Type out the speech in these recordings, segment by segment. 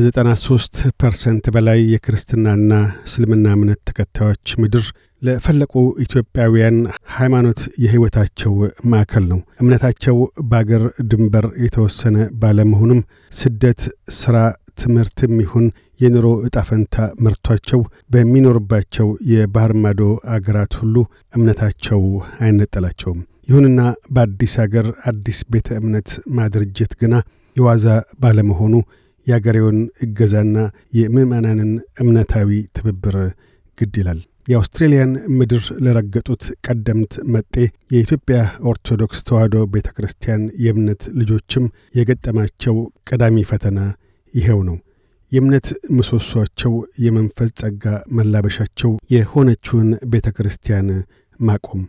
ከ93 ፐርሰንት በላይ የክርስትናና እስልምና እምነት ተከታዮች ምድር ለፈለቁ ኢትዮጵያውያን ሃይማኖት የሕይወታቸው ማዕከል ነው። እምነታቸው በአገር ድንበር የተወሰነ ባለመሆኑም ስደት፣ ሥራ፣ ትምህርትም ይሁን የኑሮ እጣፈንታ መርቷቸው በሚኖርባቸው የባህር ማዶ አገራት ሁሉ እምነታቸው አይነጠላቸውም። ይሁንና በአዲስ አገር አዲስ ቤተ እምነት ማድርጀት ግና የዋዛ ባለመሆኑ የአገሬውን እገዛና የምዕመናንን እምነታዊ ትብብር ግድ ይላል። የአውስትሬልያን ምድር ለረገጡት ቀደምት መጤ የኢትዮጵያ ኦርቶዶክስ ተዋሕዶ ቤተ ክርስቲያን የእምነት ልጆችም የገጠማቸው ቀዳሚ ፈተና ይኸው ነው። የእምነት ምሰሷቸው የመንፈስ ጸጋ መላበሻቸው የሆነችውን ቤተ ክርስቲያን ማቆም።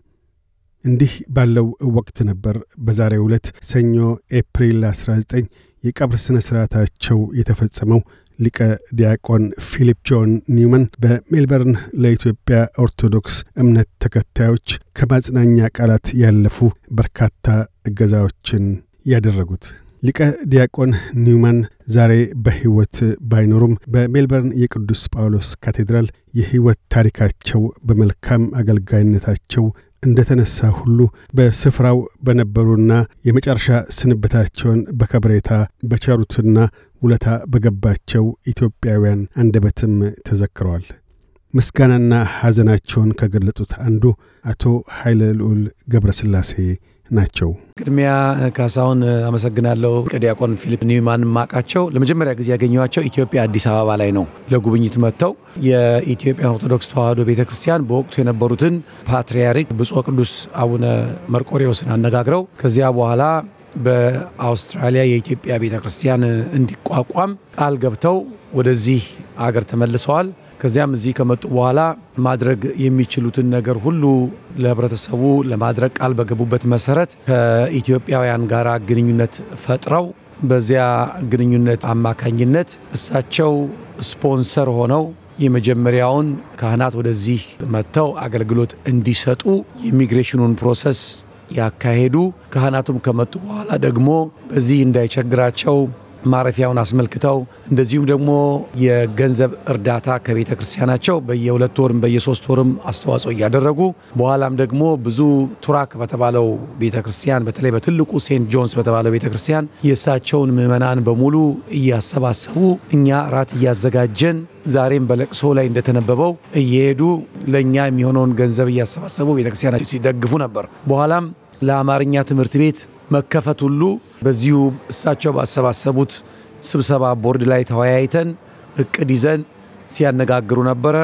እንዲህ ባለው ወቅት ነበር በዛሬ ዕለት ሰኞ ኤፕሪል 19 የቀብር ሥነ ሥርዓታቸው የተፈጸመው ሊቀ ዲያቆን ፊሊፕ ጆን ኒውመን በሜልበርን ለኢትዮጵያ ኦርቶዶክስ እምነት ተከታዮች ከማጽናኛ ቃላት ያለፉ በርካታ እገዛዎችን ያደረጉት ሊቀ ዲያቆን ኒውማን ዛሬ በሕይወት ባይኖሩም በሜልበርን የቅዱስ ጳውሎስ ካቴድራል የሕይወት ታሪካቸው በመልካም አገልጋይነታቸው እንደተነሳ ሁሉ በስፍራው በነበሩና የመጨረሻ ስንብታቸውን በከብሬታ በቸሩትና ውለታ በገባቸው ኢትዮጵያውያን አንደበትም ተዘክረዋል። ምስጋናና ሐዘናቸውን ከገለጡት አንዱ አቶ ኃይለ ልዑል ገብረ ስላሴ ናቸው። ቅድሚያ ካሳሁን አመሰግናለሁ። ዲያቆን ፊሊፕ ኒውማን ማቃቸው ለመጀመሪያ ጊዜ ያገኘኋቸው ኢትዮጵያ አዲስ አበባ ላይ ነው። ለጉብኝት መጥተው የኢትዮጵያ ኦርቶዶክስ ተዋሕዶ ቤተ ክርስቲያን በወቅቱ የነበሩትን ፓትርያርክ ብፁዕ ቅዱስ አቡነ መርቆሬዎስን አነጋግረው ከዚያ በኋላ በአውስትራሊያ የኢትዮጵያ ቤተ ክርስቲያን እንዲቋቋም ቃል ገብተው ወደዚህ አገር ተመልሰዋል። ከዚያም እዚህ ከመጡ በኋላ ማድረግ የሚችሉትን ነገር ሁሉ ለህብረተሰቡ ለማድረግ ቃል በገቡበት መሰረት ከኢትዮጵያውያን ጋር ግንኙነት ፈጥረው በዚያ ግንኙነት አማካኝነት እሳቸው ስፖንሰር ሆነው የመጀመሪያውን ካህናት ወደዚህ መጥተው አገልግሎት እንዲሰጡ የኢሚግሬሽኑን ፕሮሰስ ያካሄዱ። ካህናቱም ከመጡ በኋላ ደግሞ በዚህ እንዳይቸግራቸው ማረፊያውን አስመልክተው እንደዚሁም ደግሞ የገንዘብ እርዳታ ከቤተ ክርስቲያናቸው በየሁለት ወርም በየሶስት ወርም አስተዋጽኦ እያደረጉ በኋላም ደግሞ ብዙ ቱራክ በተባለው ቤተ ክርስቲያን በተለይ በትልቁ ሴንት ጆንስ በተባለው ቤተ ክርስቲያን የእሳቸውን ምዕመናን በሙሉ እያሰባሰቡ እኛ ራት እያዘጋጀን ዛሬም በለቅሶ ላይ እንደተነበበው እየሄዱ ለእኛ የሚሆነውን ገንዘብ እያሰባሰቡ ቤተክርስቲያናቸው ሲደግፉ ነበር። በኋላም ለአማርኛ ትምህርት ቤት መከፈት ሁሉ በዚሁ እሳቸው ባሰባሰቡት ስብሰባ ቦርድ ላይ ተወያይተን እቅድ ይዘን ሲያነጋግሩ ነበረ።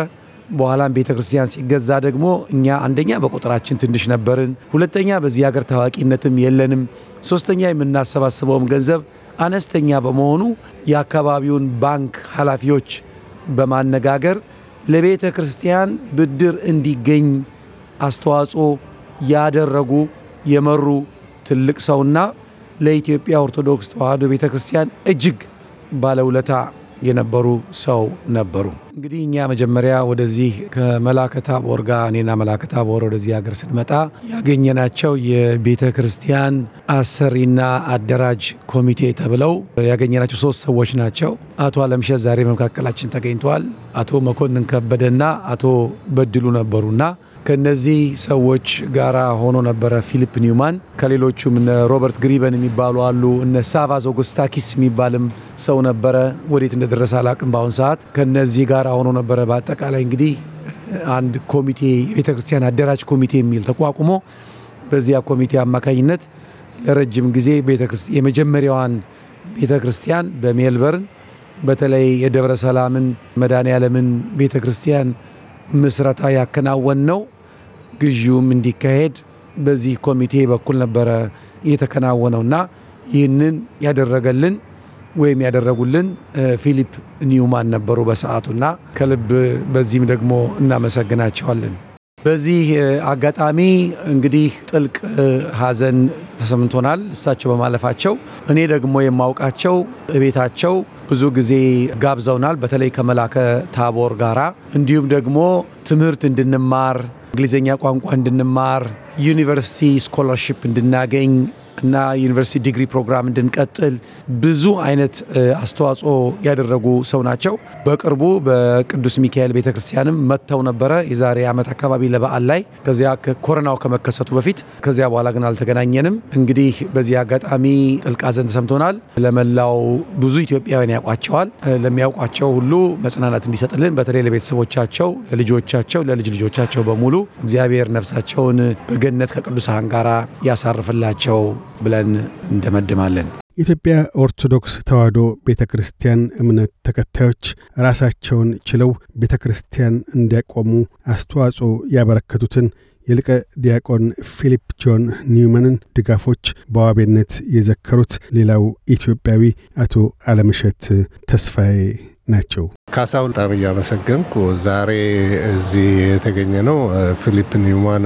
በኋላም ቤተ ክርስቲያን ሲገዛ ደግሞ እኛ አንደኛ በቁጥራችን ትንሽ ነበርን፣ ሁለተኛ በዚህ ሀገር ታዋቂነትም የለንም፣ ሶስተኛ የምናሰባስበውም ገንዘብ አነስተኛ በመሆኑ የአካባቢውን ባንክ ኃላፊዎች በማነጋገር ለቤተ ክርስቲያን ብድር እንዲገኝ አስተዋጽኦ ያደረጉ የመሩ ትልቅ ሰውና ለኢትዮጵያ ኦርቶዶክስ ተዋህዶ ቤተ ክርስቲያን እጅግ ባለውለታ የነበሩ ሰው ነበሩ። እንግዲህ እኛ መጀመሪያ ወደዚህ ከመላከ ታቦር ጋር እኔና መላከ ታቦር ወደዚህ ሀገር ስንመጣ ያገኘናቸው የቤተ ክርስቲያን አሰሪና አደራጅ ኮሚቴ ተብለው ያገኘናቸው ሶስት ሰዎች ናቸው። አቶ አለምሸት ዛሬ መካከላችን ተገኝተዋል። አቶ መኮንን ከበደና አቶ በድሉ ነበሩና ከነዚህ ሰዎች ጋር ሆኖ ነበረ ፊሊፕ ኒውማን። ከሌሎቹም እነ ሮበርት ግሪበን የሚባሉ አሉ። እነ ሳቫዝ ኦጉስታኪስ የሚባልም ሰው ነበረ። ወዴት እንደደረሰ አላቅም በአሁን ሰዓት። ከነዚህ ጋር ሆኖ ነበረ በአጠቃላይ እንግዲህ አንድ ኮሚቴ ቤተክርስቲያን አደራጅ ኮሚቴ የሚል ተቋቁሞ በዚያ ኮሚቴ አማካኝነት ለረጅም ጊዜ የመጀመሪያዋን ቤተ ክርስቲያን በሜልበርን በተለይ የደብረ ሰላምን መድኃኔ ዓለምን ቤተ ክርስቲያን ምስረታ ያከናወን ነው። ግዢውም እንዲካሄድ በዚህ ኮሚቴ በኩል ነበረ ና ይህንን ያደረገልን ወይም ያደረጉልን ፊሊፕ ኒውማን ነበሩ በሰዓቱና ከልብ በዚህም ደግሞ እናመሰግናቸዋለን። በዚህ አጋጣሚ እንግዲህ ጥልቅ ሀዘን ተሰምቶናል እሳቸው በማለፋቸው። እኔ ደግሞ የማውቃቸው ቤታቸው ብዙ ጊዜ ጋብዘውናል፣ በተለይ ከመላከ ታቦር ጋራ እንዲሁም ደግሞ ትምህርት እንድንማር እንግሊዝኛ ቋንቋ እንድንማር ዩኒቨርሲቲ ስኮላርሽፕ እንድናገኝ እና ዩኒቨርሲቲ ዲግሪ ፕሮግራም እንድንቀጥል ብዙ አይነት አስተዋጽኦ ያደረጉ ሰው ናቸው። በቅርቡ በቅዱስ ሚካኤል ቤተክርስቲያንም መጥተው ነበረ የዛሬ ዓመት አካባቢ ለበዓል ላይ ከዚያ ኮረናው ከመከሰቱ በፊት። ከዚያ በኋላ ግን አልተገናኘንም። እንግዲህ በዚህ አጋጣሚ ጥልቅ ሐዘን ተሰምቶናል። ለመላው ብዙ ኢትዮጵያውያን ያውቋቸዋል። ለሚያውቋቸው ሁሉ መጽናናት እንዲሰጥልን በተለይ ለቤተሰቦቻቸው፣ ለልጆቻቸው፣ ለልጅ ልጆቻቸው በሙሉ እግዚአብሔር ነፍሳቸውን በገነት ከቅዱሳን ጋር ያሳርፍላቸው ብለን እንደመድማለን። የኢትዮጵያ ኦርቶዶክስ ተዋሕዶ ቤተ ክርስቲያን እምነት ተከታዮች ራሳቸውን ችለው ቤተ ክርስቲያን እንዲያቆሙ አስተዋጽኦ ያበረከቱትን የሊቀ ዲያቆን ፊሊፕ ጆን ኒውማንን ድጋፎች በዋቤነት የዘከሩት ሌላው ኢትዮጵያዊ አቶ አለምሸት ተስፋዬ ናቸው። ካሳሁን በጣም እያመሰገንኩ ዛሬ እዚህ የተገኘ ነው ፊሊፕ ኒውማን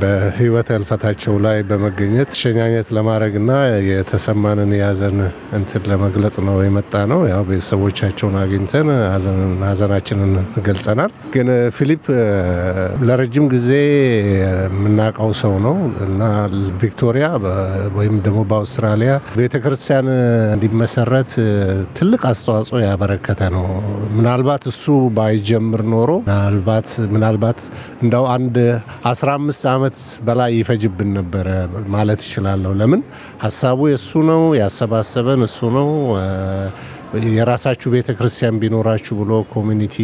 በህይወት ህልፈታቸው ላይ በመገኘት ሸኛኘት ለማድረግና የተሰማንን የሀዘን እንትን ለመግለጽ ነው የመጣ ነው። ያው ቤተሰቦቻቸውን አግኝተን ሀዘናችንን ገልጸናል። ግን ፊሊፕ ለረጅም ጊዜ የምናውቀው ሰው ነው እና ቪክቶሪያ ወይም ደግሞ በአውስትራሊያ ቤተክርስቲያን እንዲመሰረት ትልቅ አስተዋጽኦ ያበረከ የተመለከተ ነው። ምናልባት እሱ ባይጀምር ኖሮ ምናልባት ምናልባት እንደው አንድ 15 ዓመት በላይ ይፈጅብን ነበረ ማለት ይችላለሁ። ለምን ሀሳቡ የእሱ ነው፣ ያሰባሰበን እሱ ነው። የራሳችሁ ቤተ ክርስቲያን ቢኖራችሁ ብሎ ኮሚኒቲ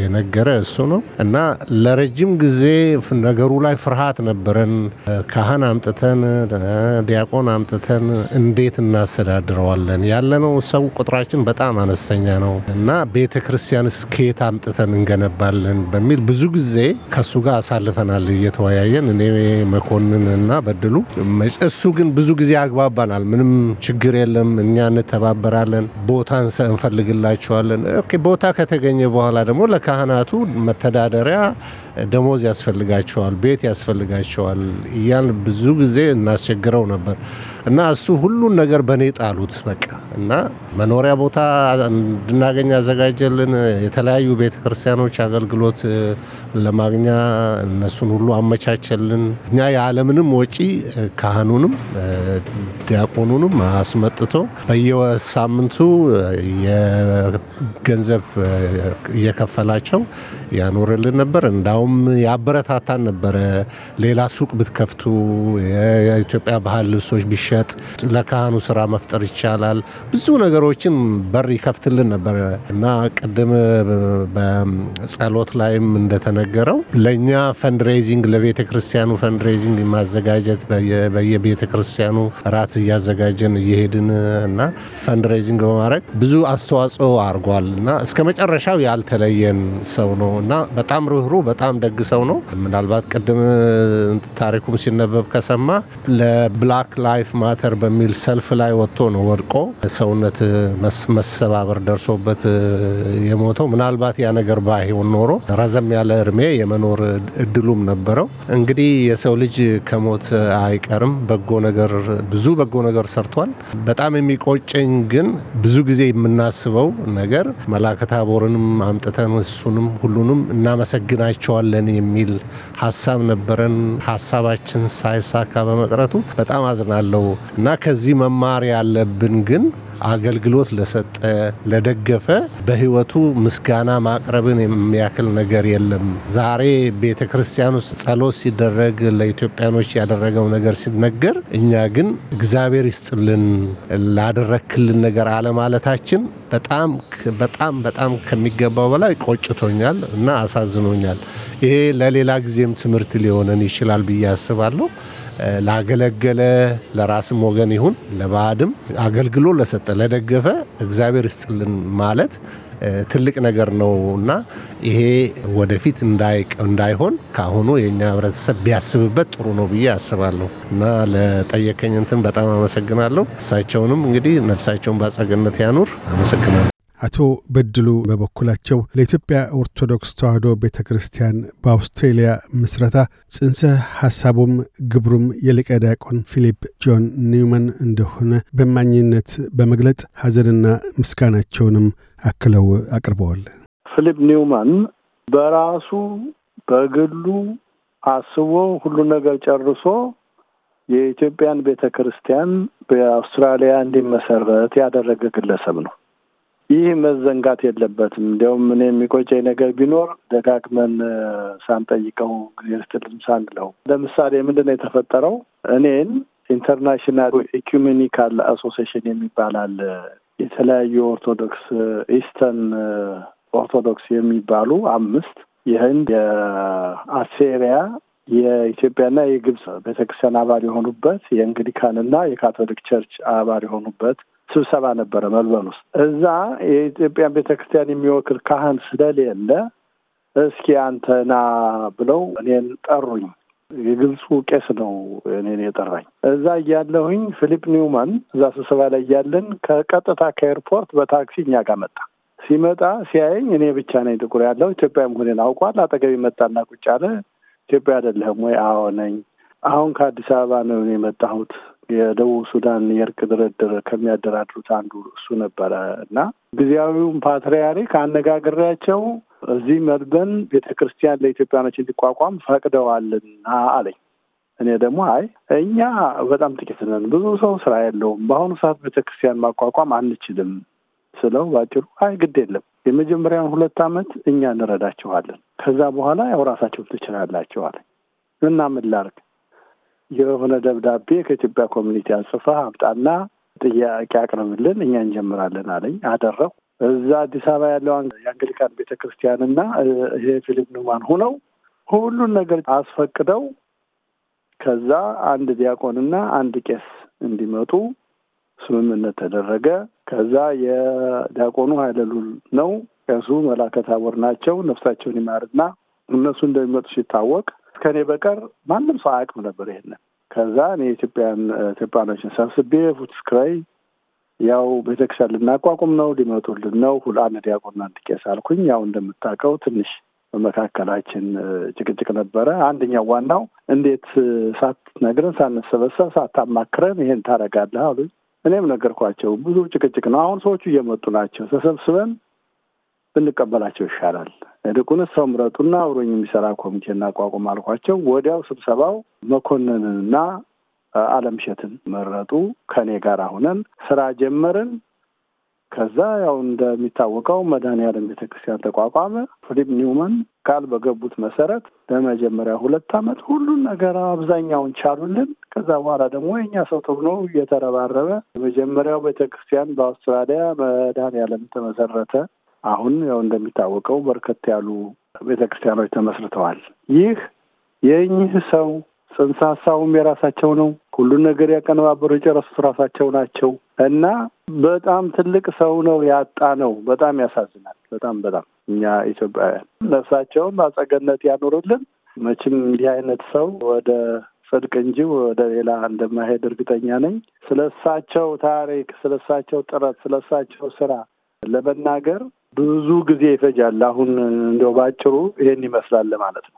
የነገረ እሱ ነው እና ለረጅም ጊዜ ነገሩ ላይ ፍርሃት ነበረን። ካህን አምጥተን ዲያቆን አምጥተን እንዴት እናስተዳድረዋለን? ያለነው ሰው ቁጥራችን በጣም አነስተኛ ነው እና ቤተ ክርስቲያንስ ስኬት አምጥተን እንገነባለን በሚል ብዙ ጊዜ ከሱ ጋር አሳልፈናል እየተወያየን እኔ መኮንን እና በድሉ። እሱ ግን ብዙ ጊዜ አግባባናል። ምንም ችግር የለም እኛ እንተባበራለን ቦታ ካንሰ እንፈልግላቸዋለን። ቦታ ከተገኘ በኋላ ደግሞ ለካህናቱ መተዳደሪያ ደሞዝ ያስፈልጋቸዋል፣ ቤት ያስፈልጋቸዋል እያል ብዙ ጊዜ እናስቸግረው ነበር። እና እሱ ሁሉን ነገር በእኔ ጣሉት በቃ። እና መኖሪያ ቦታ እንድናገኝ አዘጋጀልን። የተለያዩ ቤተ ክርስቲያኖች አገልግሎት ለማግኛ እነሱን ሁሉ አመቻቸልን። እኛ የዓለምንም ወጪ ካህኑንም ዲያቆኑንም አስመጥቶ በየሳምንቱ የገንዘብ እየከፈላቸው ያኖርልን ነበር። እንዳውም ያበረታታን ነበረ። ሌላ ሱቅ ብትከፍቱ የኢትዮጵያ ባህል ልብሶች ቢሸ መሸጥ፣ ለካህኑ ስራ መፍጠር ይቻላል። ብዙ ነገሮችን በር ይከፍትልን ነበር እና ቅድም በጸሎት ላይም እንደተነገረው ለእኛ ፈንድሬዚንግ ለቤተ ክርስቲያኑ ፈንድሬዚንግ ማዘጋጀት በየቤተ ክርስቲያኑ ራት እያዘጋጀን እየሄድን እና ፈንድሬዚንግ በማድረግ ብዙ አስተዋጽኦ አድርጓል እና እስከ መጨረሻው ያልተለየን ሰው ነው እና በጣም ርኅሩ በጣም ደግ ሰው ነው። ምናልባት ቅድም ታሪኩም ሲነበብ ከሰማ ለብላክ ላይፍ ማተር በሚል ሰልፍ ላይ ወጥቶ ነው ወድቆ ሰውነት መሰባበር ደርሶበት የሞተው። ምናልባት ያ ነገር ባይሆን ኖሮ ረዘም ያለ እድሜ የመኖር እድሉም ነበረው። እንግዲህ የሰው ልጅ ከሞት አይቀርም። በጎ ነገር ብዙ በጎ ነገር ሰርቷል። በጣም የሚቆጨኝ ግን ብዙ ጊዜ የምናስበው ነገር መላከ ታቦርንም አምጥተን እሱንም ሁሉንም እናመሰግናቸዋለን የሚል ሀሳብ ነበረን። ሀሳባችን ሳይሳካ በመቅረቱ በጣም አዝናለው። እና ከዚህ መማር ያለብን ግን አገልግሎት ለሰጠ ለደገፈ በህይወቱ ምስጋና ማቅረብን የሚያክል ነገር የለም። ዛሬ ቤተ ክርስቲያን ውስጥ ጸሎት ሲደረግ ለኢትዮጵያኖች ያደረገው ነገር ሲነገር፣ እኛ ግን እግዚአብሔር ይስጥልን ላደረክልን ነገር አለማለታችን በጣም በጣም በጣም ከሚገባው በላይ ቆጭቶኛል እና አሳዝኖኛል። ይሄ ለሌላ ጊዜም ትምህርት ሊሆነን ይችላል ብዬ አስባለሁ። ላገለገለ ለራስም ወገን ይሁን ለባዕድም አገልግሎ ለሰጠ ለደገፈ እግዚአብሔር ይስጥልን ማለት ትልቅ ነገር ነው እና ይሄ ወደፊት እንዳይሆን ካሁኑ የእኛ ህብረተሰብ ቢያስብበት ጥሩ ነው ብዬ አስባለሁ እና ለጠየቀኝ እንትን በጣም አመሰግናለሁ። እሳቸውንም እንግዲህ ነፍሳቸውን በአጸግነት ያኑር። አመሰግናለሁ። አቶ በድሉ በበኩላቸው ለኢትዮጵያ ኦርቶዶክስ ተዋሕዶ ቤተ ክርስቲያን በአውስትሬልያ ምስረታ ጽንሰ ሐሳቡም ግብሩም የሊቀ ዲያቆን ፊሊፕ ጆን ኒውመን እንደሆነ በማኝነት በመግለጥ ሐዘንና ምስጋናቸውንም አክለው አቅርበዋል። ፊሊፕ ኒውማን በራሱ በግሉ አስቦ ሁሉን ነገር ጨርሶ የኢትዮጵያን ቤተ ክርስቲያን በአውስትራሊያ እንዲመሰረት ያደረገ ግለሰብ ነው። ይህ መዘንጋት የለበትም። እንዲያውም እኔ የሚቆጨኝ ነገር ቢኖር ደጋግመን ሳንጠይቀው ጊዜ ስትልም ሳንለው፣ ለምሳሌ ምንድን ነው የተፈጠረው? እኔን ኢንተርናሽናል ኢኩሜኒካል አሶሴሽን የሚባል አለ። የተለያዩ ኦርቶዶክስ ኢስተርን ኦርቶዶክስ የሚባሉ አምስት የህንድ፣ የአሴሪያ፣ የኢትዮጵያና የግብጽ ቤተክርስቲያን አባል የሆኑበት የእንግሊካንና የካቶሊክ ቸርች አባል የሆኑበት ስብሰባ ነበረ መልበን ውስጥ። እዛ የኢትዮጵያን ቤተ ክርስቲያን የሚወክል ካህን ስለሌለ እስኪ አንተና ብለው እኔን ጠሩኝ። የግብፁ ቄስ ነው እኔን የጠራኝ። እዛ እያለሁኝ ፊሊፕ ኒውማን እዛ ስብሰባ ላይ እያለን ከቀጥታ ከኤርፖርት በታክሲ እኛ ጋር መጣ። ሲመጣ ሲያየኝ እኔ ብቻ ነኝ ጥቁር ያለው ኢትዮጵያ መሆኔን አውቋል። አጠገብ መጣና ቁጭ አለ። ኢትዮጵያ አይደለህም ወይ? አዎ ነኝ። አሁን ከአዲስ አበባ ነው የመጣሁት የደቡብ ሱዳን የእርቅ ድርድር ከሚያደራድሩት አንዱ እሱ ነበረ እና ጊዜያዊውን ፓትርያርክ አነጋግሬያቸው እዚህ መልበን ቤተ ክርስቲያን ለኢትዮጵያኖች እንዲቋቋም ፈቅደዋልና አለኝ። እኔ ደግሞ አይ እኛ በጣም ጥቂት ነን፣ ብዙ ሰው ስራ የለውም፣ በአሁኑ ሰዓት ቤተ ክርስቲያን ማቋቋም አንችልም ስለው ባጭሩ አይ ግድ የለም የመጀመሪያውን ሁለት ዓመት እኛ እንረዳችኋለን፣ ከዛ በኋላ ያው ራሳቸው ትችላላችኋል እና ምን ላድርግ የሆነ ደብዳቤ ከኢትዮጵያ ኮሚኒቲ አጽፈህ አምጣና ጥያቄ አቅርብልን እኛ እንጀምራለን አለኝ። አደረኩ። እዛ አዲስ አበባ ያለው የአንግሊካን ቤተ ክርስቲያንና ይሄ ፊሊፕ ኑማን ሁነው ሁሉን ነገር አስፈቅደው ከዛ አንድ ዲያቆንና አንድ ቄስ እንዲመጡ ስምምነት ተደረገ። ከዛ የዲያቆኑ ሀይለሉል ነው፣ ቄሱ መላከ ታቦር ናቸው። ነፍሳቸውን ይማርና እነሱ እንደሚመጡ ሲታወቅ ከእኔ በቀር ማንም ሰው አያውቅም ነበር ይሄንን። ከዛ እኔ ኢትዮጵያን ኢትዮጵያኖችን ሰብስቤ ፉትስክራይ ያው ቤተክርስቲያን ልናቋቁም ነው ሊመጡልን ነው ሁሉ አንድ ዲያቆንና አንድ ቄስ አልኩኝ። ያው እንደምታውቀው ትንሽ በመካከላችን ጭቅጭቅ ነበረ። አንደኛው ዋናው እንዴት ሳትነግረን ሳንሰበሰብ ሳታማክረን ይሄን ታደርጋለህ አሉኝ። እኔም ነገርኳቸው። ብዙ ጭቅጭቅ ነው። አሁን ሰዎቹ እየመጡ ናቸው። ተሰብስበን ብንቀበላቸው ይሻላል። ይልቁን ሰው ምረጡና አብሮኝ የሚሰራ ኮሚቴ እናቋቁም አልኳቸው። ወዲያው ስብሰባው መኮንንንና አለምሸትን መረጡ። ከእኔ ጋር አሁነን ስራ ጀመርን። ከዛ ያው እንደሚታወቀው መድኃኔዓለም ቤተክርስቲያን ተቋቋመ። ፍሊፕ ኒውመን ቃል በገቡት መሰረት ለመጀመሪያ ሁለት ዓመት ሁሉን ነገር አብዛኛውን ቻሉልን። ከዛ በኋላ ደግሞ የእኛ ሰው ተብሎ እየተረባረበ መጀመሪያው ቤተክርስቲያን በአውስትራሊያ መድኃኔዓለም ተመሰረተ። አሁን ያው እንደሚታወቀው በርከት ያሉ ቤተ ክርስቲያኖች ተመስርተዋል። ይህ የእኚህ ሰው ጽንሰ ሀሳቡም የራሳቸው ነው። ሁሉን ነገር ያቀነባበሩ የጨረሱት ራሳቸው ናቸው እና በጣም ትልቅ ሰው ነው ያጣ ነው። በጣም ያሳዝናል። በጣም በጣም እኛ ኢትዮጵያውያን ነፍሳቸውን አጸገነት ያኖሩልን። መቼም እንዲህ አይነት ሰው ወደ ጽድቅ እንጂ ወደ ሌላ እንደማይሄድ እርግጠኛ ነኝ። ስለ እሳቸው ታሪክ፣ ስለ እሳቸው ጥረት፣ ስለ እሳቸው ስራ ለመናገር ብዙ ጊዜ ይፈጃል። አሁን እንደው ባጭሩ ይሄን ይመስላል ማለት ነው።